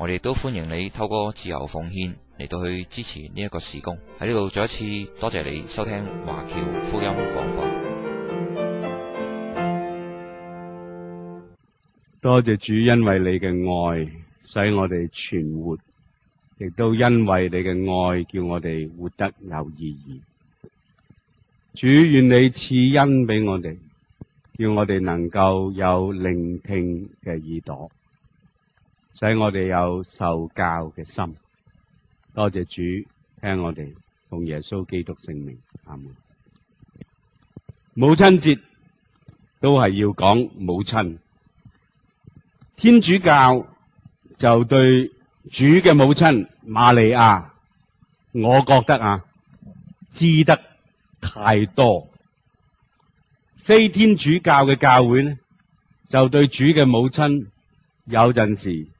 我哋都歡迎你透過自由奉獻嚟到去支持呢一個事工。喺呢度再一次多謝你收聽華僑福音廣播。多謝主，因為你嘅愛使我哋存活，亦都因為你嘅愛叫我哋活得有意義。主願你賜恩俾我哋，叫我哋能夠有聆聽嘅耳朵。使我哋有受教嘅心，多謝主聽我哋，同耶穌基督聖名，阿門。母親節都係要講母親，天主教就對主嘅母親瑪利亞，我覺得啊知得太多，非天主教嘅教會呢，就對主嘅母親有陣時。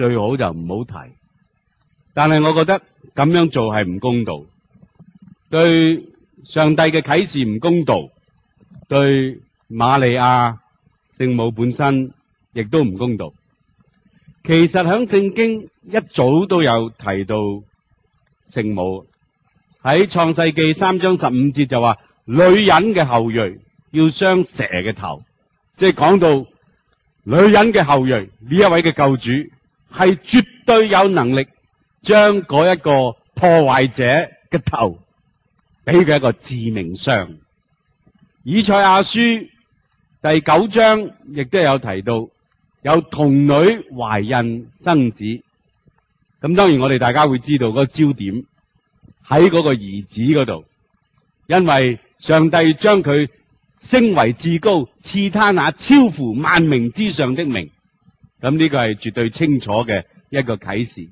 最好就唔好提，但係我覺得咁樣做係唔公道，對上帝嘅啟示唔公道，對瑪利亞聖母本身亦都唔公道。其實響聖經一早都有提到聖母，喺創世紀三章十五節就話女人嘅後裔要傷蛇嘅頭，即係講到女人嘅後裔呢一位嘅救主。係絕對有能力將嗰一個破壞者嘅頭俾佢一個致命傷。以賽亞書第九章亦都有提到，有童女懷孕生子。咁當然我哋大家會知道個焦點喺嗰個兒子嗰度，因為上帝將佢升為至高，賜他那超乎萬名之上的名。咁呢個係絕對清楚嘅一個啟示，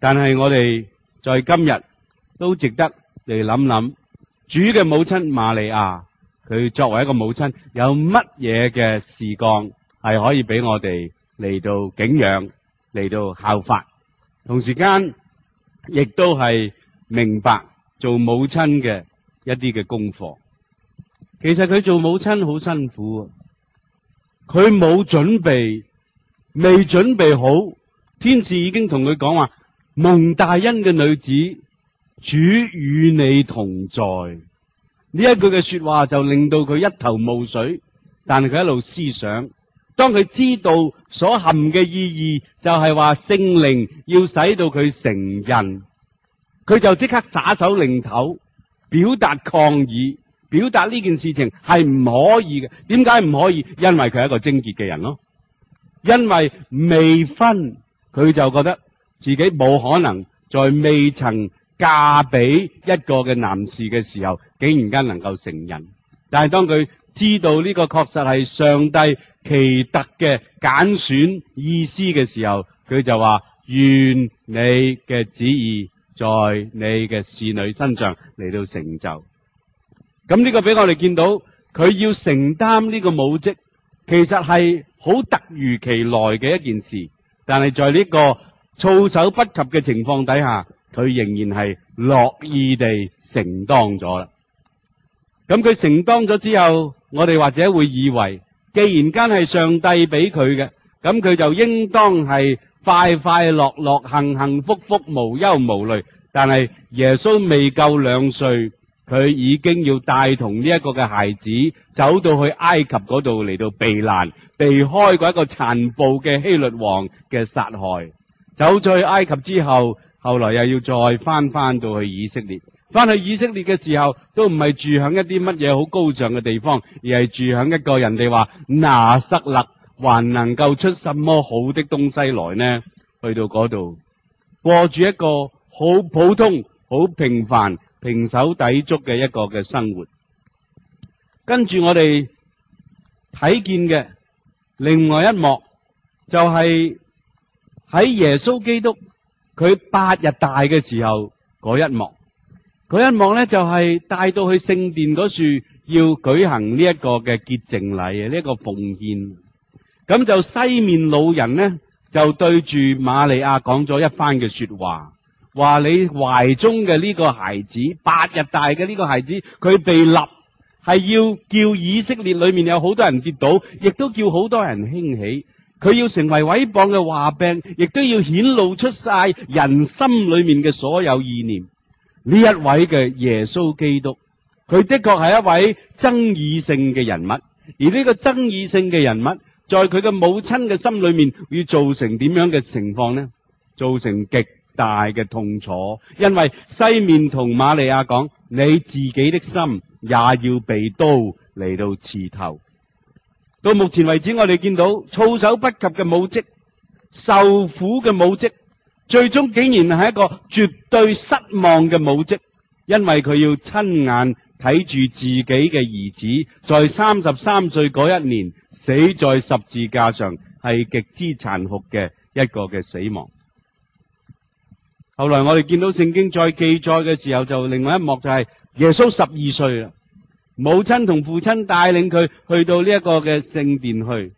但係我哋在今日都值得嚟諗諗，主嘅母親瑪利亞，佢作為一個母親有乜嘢嘅事幹係可以俾我哋嚟到景仰嚟到效法，同時間亦都係明白做母親嘅一啲嘅功課。其實佢做母親好辛苦，佢冇準備。未準備好，天使已經同佢講話：蒙大恩嘅女子，主與你同在。呢一句嘅說話就令到佢一頭霧水。但係佢一路思想，當佢知道所含嘅意義就係話聖靈要使到佢成人，佢就即刻耍手擰頭，表達抗議，表達呢件事情係唔可以嘅。點解唔可以？因為佢係一個貞潔嘅人咯。因為未婚，佢就覺得自己冇可能在未曾嫁俾一個嘅男士嘅時候，竟然間能夠成人。但係當佢知道呢個確實係上帝奇特嘅揀選意思嘅時候，佢就話：願你嘅旨意在你嘅侍女身上嚟到成就。咁呢個俾我哋見到，佢要承擔呢個母職。其實係好突如其來嘅一件事，但係在呢個措手不及嘅情況底下，佢仍然係樂意地承當咗啦。咁佢承當咗之後，我哋或者會以為，既然間係上帝俾佢嘅，咁佢就應當係快快樂樂、幸幸福福、無憂無慮。但係耶穌未夠兩歲。佢已經要帶同呢一個嘅孩子走到去埃及嗰度嚟到避難，避開嗰一個殘暴嘅希律王嘅殺害。走咗去埃及之後，後來又要再翻翻到去以色列。翻去以色列嘅時候，都唔係住響一啲乜嘢好高尚嘅地方，而係住響一個人哋話拿撒勒還能夠出什麼好的東西來呢？去到嗰度過住一個好普通、好平凡，胼手胝足嘅一個嘅生活，跟住我哋睇見嘅另外一幕，就係喺耶穌基督佢八日大嘅時候嗰一幕，嗰一幕呢就係帶到去聖殿嗰處要舉行呢一個嘅潔淨禮，呢一個奉獻，咁就西面老人呢，就對住瑪利亞講咗一番嘅說話。話你懷中嘅呢個孩子，八日大嘅呢個孩子，佢被立係要叫以色列裏面有好多人跌倒，亦都叫好多人興起。佢要成為毀謗嘅話柄，亦都要顯露出晒人心裏面嘅所有意念。呢一位嘅耶穌基督，佢的確係一位爭議性嘅人物。而呢個爭議性嘅人物，在佢嘅母親嘅心裏面，會造成點樣嘅情況呢？造成極大嘅痛楚，因為西面同瑪利亞講：你自己的心也要被刀嚟到刺透。到目前為止，我哋見到措手不及嘅母職、受苦嘅母職，最終竟然係一個絕對失望嘅母職，因為佢要親眼睇住自己嘅兒子在三十三歲嗰一年死在十字架上，係極之殘酷嘅一個嘅死亡。後來我哋見到聖經再記載嘅時候，就另外一幕就係耶穌十二歲啦，母親同父親帶領佢去到呢一個嘅聖殿去，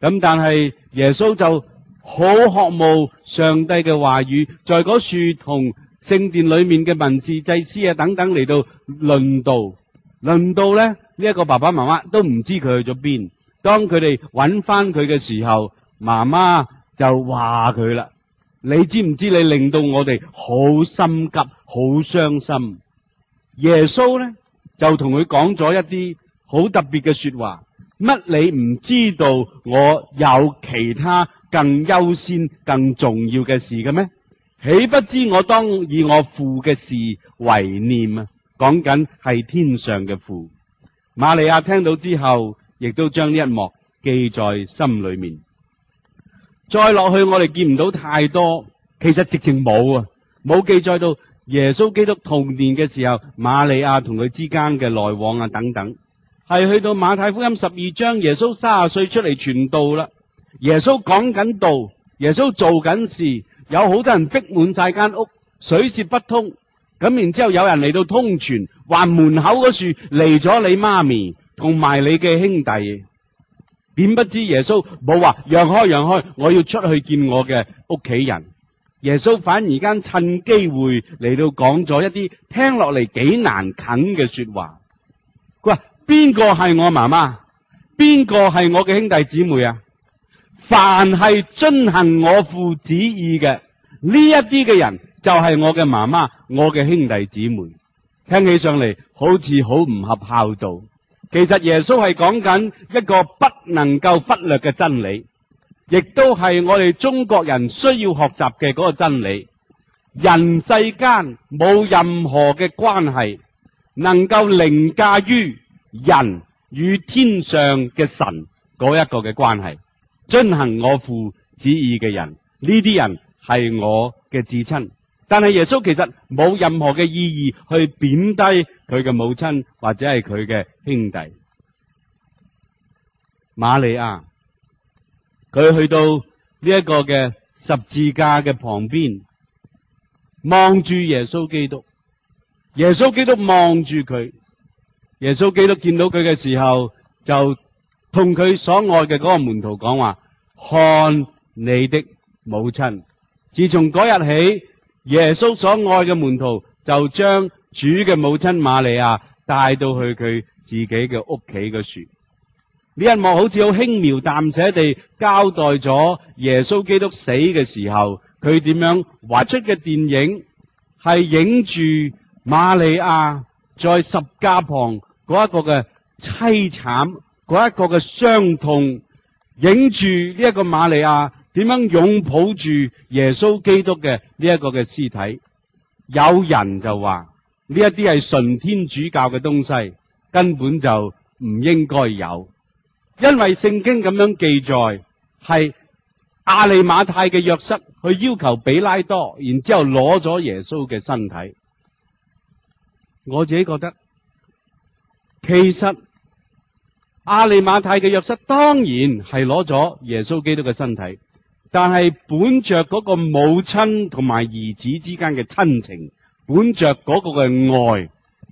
咁但係耶穌就好渴慕上帝嘅話語，在嗰樹同聖殿裏面嘅文士、祭司啊等等嚟到論道，論道呢，呢、這、一個爸爸媽媽都唔知佢去咗邊，當佢哋揾翻佢嘅時候，媽媽就話佢啦。你知唔知你令到我哋好心急、好傷心？耶穌呢就同佢講咗一啲好特別嘅說話。乜你唔知道我有其他更優先、更重要嘅事嘅咩？豈不知我當以我父嘅事為念啊？講緊係天上嘅父。瑪利亞聽到之後，亦都將呢一幕記在心裏面。再落去，我哋見唔到太多，其實直情冇啊，冇記載到耶穌基督童年嘅時候，瑪利亞同佢之間嘅來往啊等等，係去到馬太福音十二章，耶穌卅歲出嚟傳道啦，耶穌講緊道，耶穌做緊事，有好多人逼滿晒間屋，水洩不通，咁然之後有人嚟到通傳，話門口嗰處嚟咗你媽咪同埋你嘅兄弟。點不知耶穌冇話讓開讓開，我要出去見我嘅屋企人。耶穌反而間趁機會嚟到講咗一啲聽落嚟幾難啃嘅說話。佢話邊個係我媽媽？邊個係我嘅兄弟姊妹啊？凡係遵行我父旨意嘅呢一啲嘅人，就係我嘅媽媽，我嘅兄弟姊妹。聽起上嚟好似好唔合孝道。其實耶穌係講緊一個不能夠忽略嘅真理，亦都係我哋中國人需要學習嘅嗰個真理。人世間冇任何嘅關係能夠凌駕於人與天上嘅神嗰一個嘅關係。遵行我父旨意嘅人，呢啲人係我嘅至親。但係耶穌其實冇任何嘅意義去貶低。佢嘅母親或者係佢嘅兄弟瑪利亞，佢去到呢一個嘅十字架嘅旁邊，望住耶穌基督。耶穌基督望住佢，耶穌基督見到佢嘅時候，就同佢所愛嘅嗰個門徒講話：看你的母親。自從嗰日起，耶穌所愛嘅門徒就將。主嘅母親瑪利亞帶到去佢自己嘅屋企嘅船，呢一幕好似好輕描淡寫地交代咗耶穌基督死嘅時候，佢點樣畫出嘅電影，係影住瑪利亞在十架旁嗰一個嘅淒慘，嗰一個嘅傷痛，影住呢一個瑪利亞點樣擁抱住耶穌基督嘅呢一個嘅屍體，有人就話。呢一啲係純天主教嘅東西，根本就唔應該有，因為聖經咁樣記載係亞利馬太嘅約瑟去要求比拉多，然之後攞咗耶穌嘅身體。我自己覺得，其實亞利馬太嘅約瑟當然係攞咗耶穌基督嘅身體，但係本着嗰個母親同埋兒子之間嘅親情。本着嗰個嘅愛，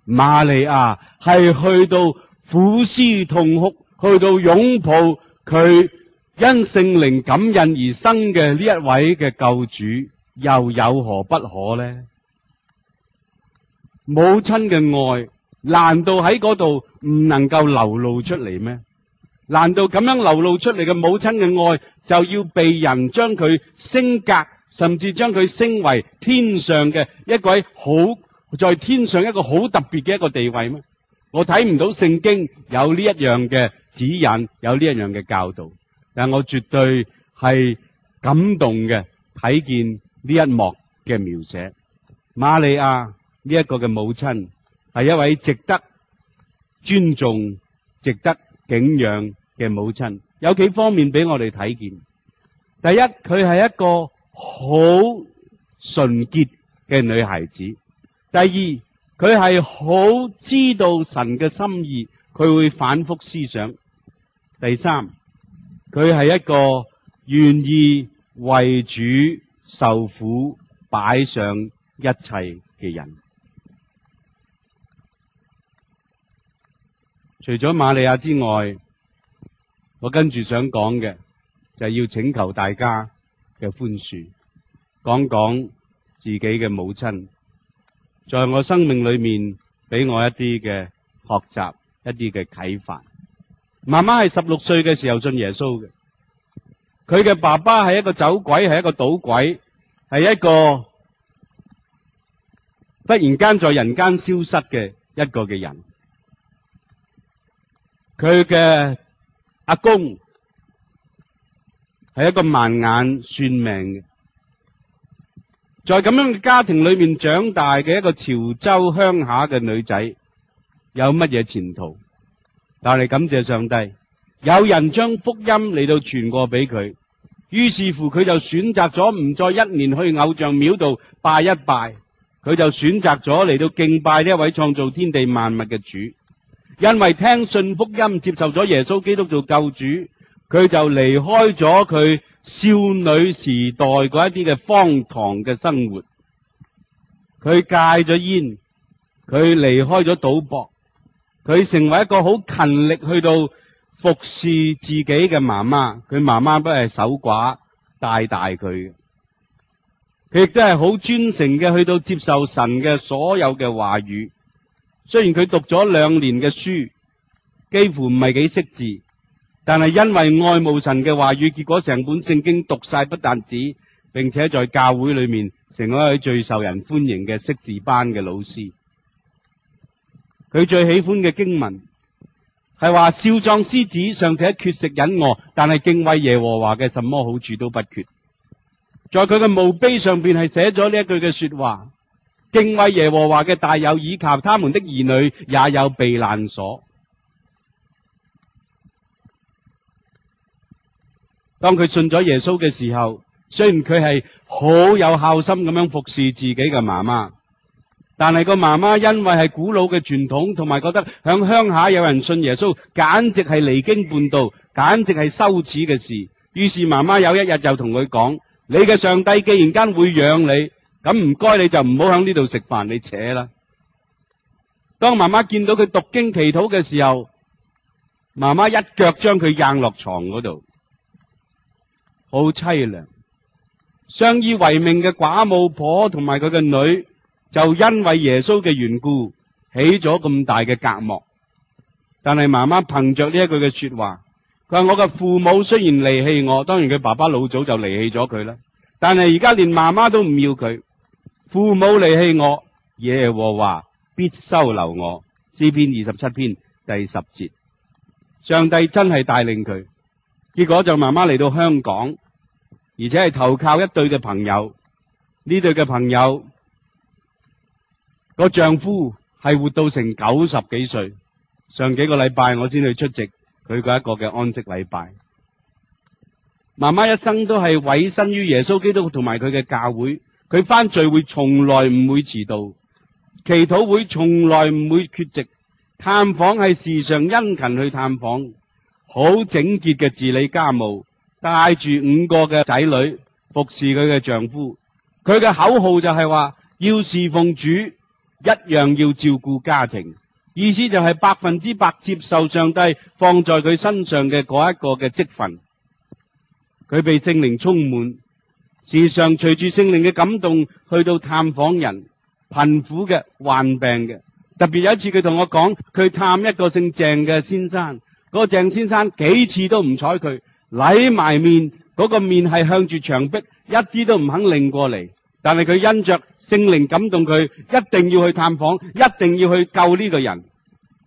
瑪利亞係去到苦思痛哭，去到擁抱佢因聖靈感恩而生嘅呢一位嘅救主，又有何不可呢？母親嘅愛，難道喺嗰度唔能夠流露出嚟咩？難道咁樣流露出嚟嘅母親嘅愛就要被人將佢升格？甚至將佢升為天上嘅一位好，在天上一個好特別嘅一個地位咩？我睇唔到聖經有呢一樣嘅指引，有呢一樣嘅教導，但我絕對係感動嘅，睇見呢一幕嘅描寫。瑪利亞呢一個嘅母親係一位值得尊重、值得敬仰嘅母親，有幾方面俾我哋睇見。第一，佢係一個。好純潔嘅女孩子，第二，佢係好知道神嘅心意，佢會反覆思想。第三，佢係一個願意為主受苦擺上一切嘅人。除咗瑪利亞之外，我跟住想講嘅就係、是、要請求大家。嘅寬恕，講講自己嘅母親，在我生命裏面俾我一啲嘅學習，一啲嘅啟發。媽媽係十六歲嘅時候信耶穌嘅，佢嘅爸爸係一個走鬼，係一個賭鬼，係一個忽然間在人間消失嘅一個嘅人。佢嘅阿公。係一個盲眼算命嘅，在咁樣嘅家庭裏面長大嘅一個潮州鄉下嘅女仔，有乜嘢前途？但係感謝上帝，有人將福音嚟到傳過俾佢，於是乎佢就選擇咗唔再一年去偶像廟度拜一拜，佢就選擇咗嚟到敬拜呢一位創造天地萬物嘅主，因為聽信福音，接受咗耶穌基督做救主。佢就離開咗佢少女時代嗰一啲嘅荒唐嘅生活，佢戒咗煙，佢離開咗賭博，佢成為一個好勤力去到服侍自己嘅媽媽。佢媽媽都係守寡帶大佢，佢亦都係好專誠嘅去到接受神嘅所有嘅話語。雖然佢讀咗兩年嘅書，幾乎唔係幾識字。但係因為愛慕神嘅話語，結果成本聖經讀晒不但止，並且在教會裏面成為最受人歡迎嘅識字班嘅老師。佢最喜歡嘅經文係話：少壯獅子尚且缺食忍餓，但係敬畏耶和華嘅，什麼好處都不缺。在佢嘅墓碑上邊係寫咗呢一句嘅說話：敬畏耶和華嘅，大有倚靠；他們的兒女也有避難所。當佢信咗耶穌嘅時候，雖然佢係好有孝心咁樣服侍自己嘅媽媽，但係個媽媽因為係古老嘅傳統，同埋覺得響鄉下有人信耶穌，簡直係離經叛道，簡直係羞恥嘅事。於是媽媽有一日就同佢講：你嘅上帝既然間會養你，咁唔該你就唔好響呢度食飯，你扯啦。當媽媽見到佢讀經祈禱嘅時候，媽媽一腳將佢硬落床嗰度。好淒涼，相依為命嘅寡母婆同埋佢嘅女，就因為耶穌嘅緣故起咗咁大嘅隔膜。但係媽媽憑着呢一句嘅說話，佢話我嘅父母雖然離棄我，當然佢爸爸老早就離棄咗佢啦。但係而家連媽媽都唔要佢，父母離棄我，耶和華必收留我。詩篇二十七篇第十節，上帝真係帶領佢。結果就媽媽嚟到香港，而且係投靠一對嘅朋友。呢對嘅朋友，個丈夫係活到成九十幾歲。上幾個禮拜我先去出席佢嗰一個嘅安息禮拜。媽媽一生都係委身於耶穌基督同埋佢嘅教會。佢返聚會從來唔會遲到，祈禱會從來唔會缺席，探訪係時常殷勤去探訪。好整潔嘅治理家務，帶住五個嘅仔女服侍佢嘅丈夫。佢嘅口號就係話，要侍奉主，一樣要照顧家庭。意思就係百分之百接受上帝放在佢身上嘅嗰一個嘅積分。佢被聖靈充滿，時常隨住聖靈嘅感動去到探訪人，貧苦嘅、患病嘅。特別有一次，佢同我講，佢探一個姓鄭嘅先生。嗰個鄭先生幾次都唔睬佢，舐埋面嗰、那個面係向住牆壁，一啲都唔肯擰過嚟。但係佢因着聖靈感動，佢一定要去探訪，一定要去救呢個人。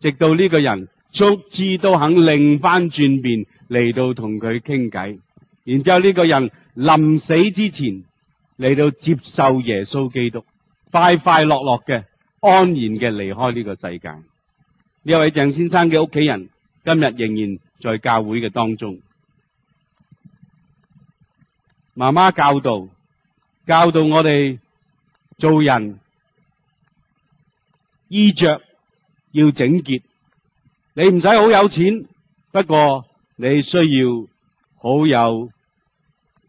直到呢個人逐次都肯擰翻轉面嚟到同佢傾偈，然之後呢個人臨死之前嚟到接受耶穌基督，快快樂樂嘅安然嘅離開呢個世界。呢位鄭先生嘅屋企人。今日仍然在教會嘅當中，媽媽教導教導我哋做人，衣着要整潔。你唔使好有錢，不過你需要好有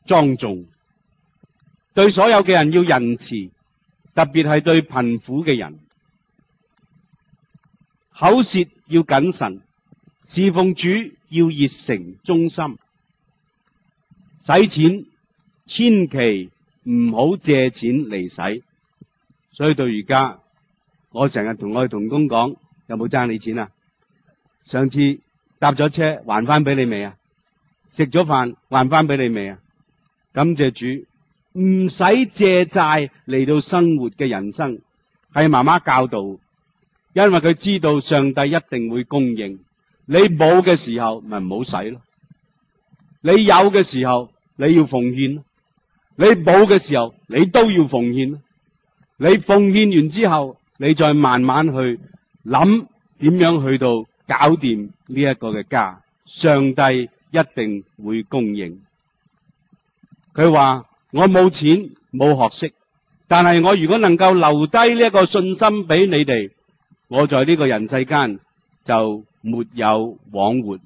莊重。對所有嘅人要仁慈，特別係對貧苦嘅人，口舌要謹慎。侍奉主要熱誠忠心，使錢千祈唔好借錢嚟使。所以到而家，我成日同我嘅同工講：有冇爭你錢啊？上次搭咗車還返俾你未啊？食咗飯還返俾你未啊？感謝主，唔使借債嚟到生活嘅人生係媽媽教導，因為佢知道上帝一定會供應。你冇嘅時候咪唔好使咯，你有嘅時候你要奉獻，你冇嘅時候你都要奉獻，你奉獻完之後，你再慢慢去諗點樣去到搞掂呢一個嘅家，上帝一定會供應。佢話我冇錢冇學識，但係我如果能夠留低呢個信心俾你哋，我在呢個人世間就。沒有往活。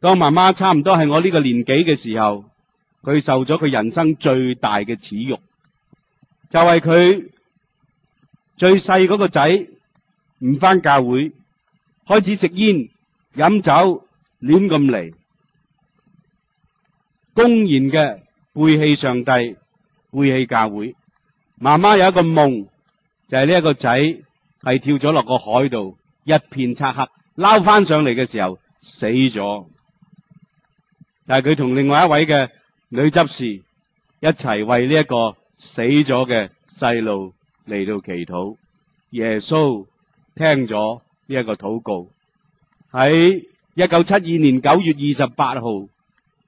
當媽媽差唔多係我呢個年紀嘅時候，佢受咗佢人生最大嘅恥辱，就係、是、佢最細嗰個仔唔返教會，開始食煙飲酒，亂咁嚟，公然嘅背棄上帝，背棄教會。媽媽有一個夢，就係呢一個仔。係跳咗落個海度，一片漆黑，撈翻上嚟嘅時候死咗。但係佢同另外一位嘅女執事一齊為呢一個死咗嘅細路嚟到祈禱。耶穌聽咗呢一個禱告，喺一九七二年九月二十八號，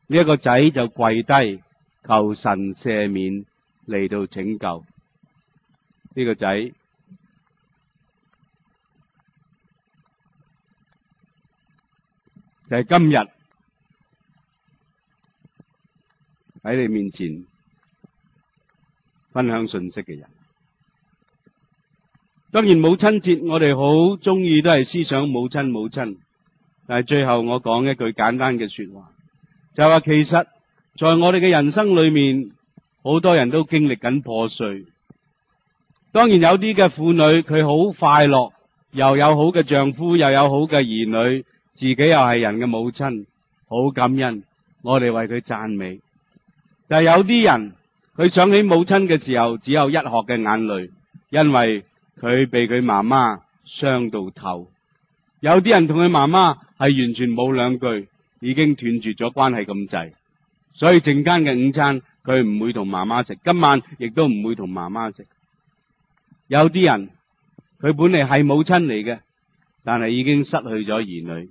呢一個仔就跪低求神赦免嚟到拯救呢個仔。就係今日喺你面前分享信息嘅人。當然，母親節我哋好中意都係思想母親母親，但係最後我講一句簡單嘅說話，就話其實在我哋嘅人生裏面，好多人都經歷緊破碎。當然有啲嘅婦女佢好快樂，又有好嘅丈夫，又有好嘅兒女。自己又係人嘅母親，好感恩，我哋為佢讚美。但、就是、有啲人，佢想起母親嘅時候，只有一殼嘅眼淚，因為佢被佢媽媽傷到透。有啲人同佢媽媽係完全冇兩句，已經斷絕咗關係咁滯。所以陣間嘅午餐，佢唔會同媽媽食，今晚亦都唔會同媽媽食。有啲人，佢本嚟係母親嚟嘅，但係已經失去咗兒女。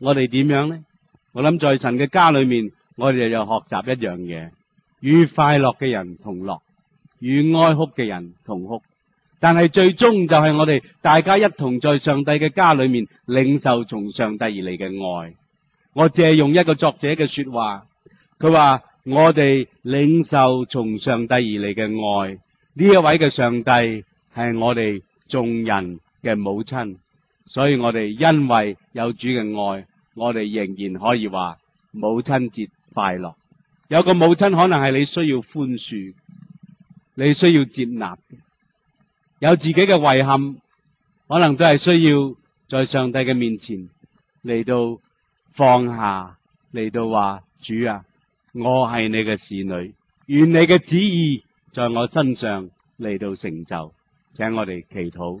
我哋點樣呢？我諗在神嘅家裏面，我哋又學習一樣嘢：與快樂嘅人同樂，與哀哭嘅人同哭。但係最終就係我哋大家一同在上帝嘅家裏面，領受從上帝而嚟嘅愛。我借用一個作者嘅說話，佢話：我哋領受從上帝而嚟嘅愛，呢一位嘅上帝係我哋眾人嘅母親。所以我哋因為有主嘅愛，我哋仍然可以話母親節快樂。有個母親可能係你需要寬恕，你需要接納，有自己嘅遺憾，可能都係需要在上帝嘅面前嚟到放下，嚟到話主啊，我係你嘅侍女，願你嘅旨意在我身上嚟到成就，請我哋祈禱。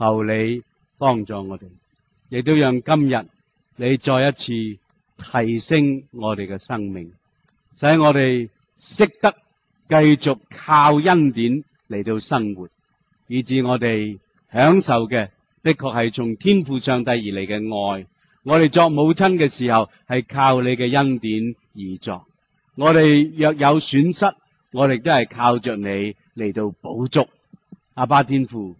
求你幫助我哋，亦都讓今日你再一次提升我哋嘅生命，使我哋識得繼續靠恩典嚟到生活，以至我哋享受嘅，的確係從天父上帝而嚟嘅愛。我哋作母親嘅時候係靠你嘅恩典而作，我哋若有損失，我哋都係靠着你嚟到補足。阿爸天父。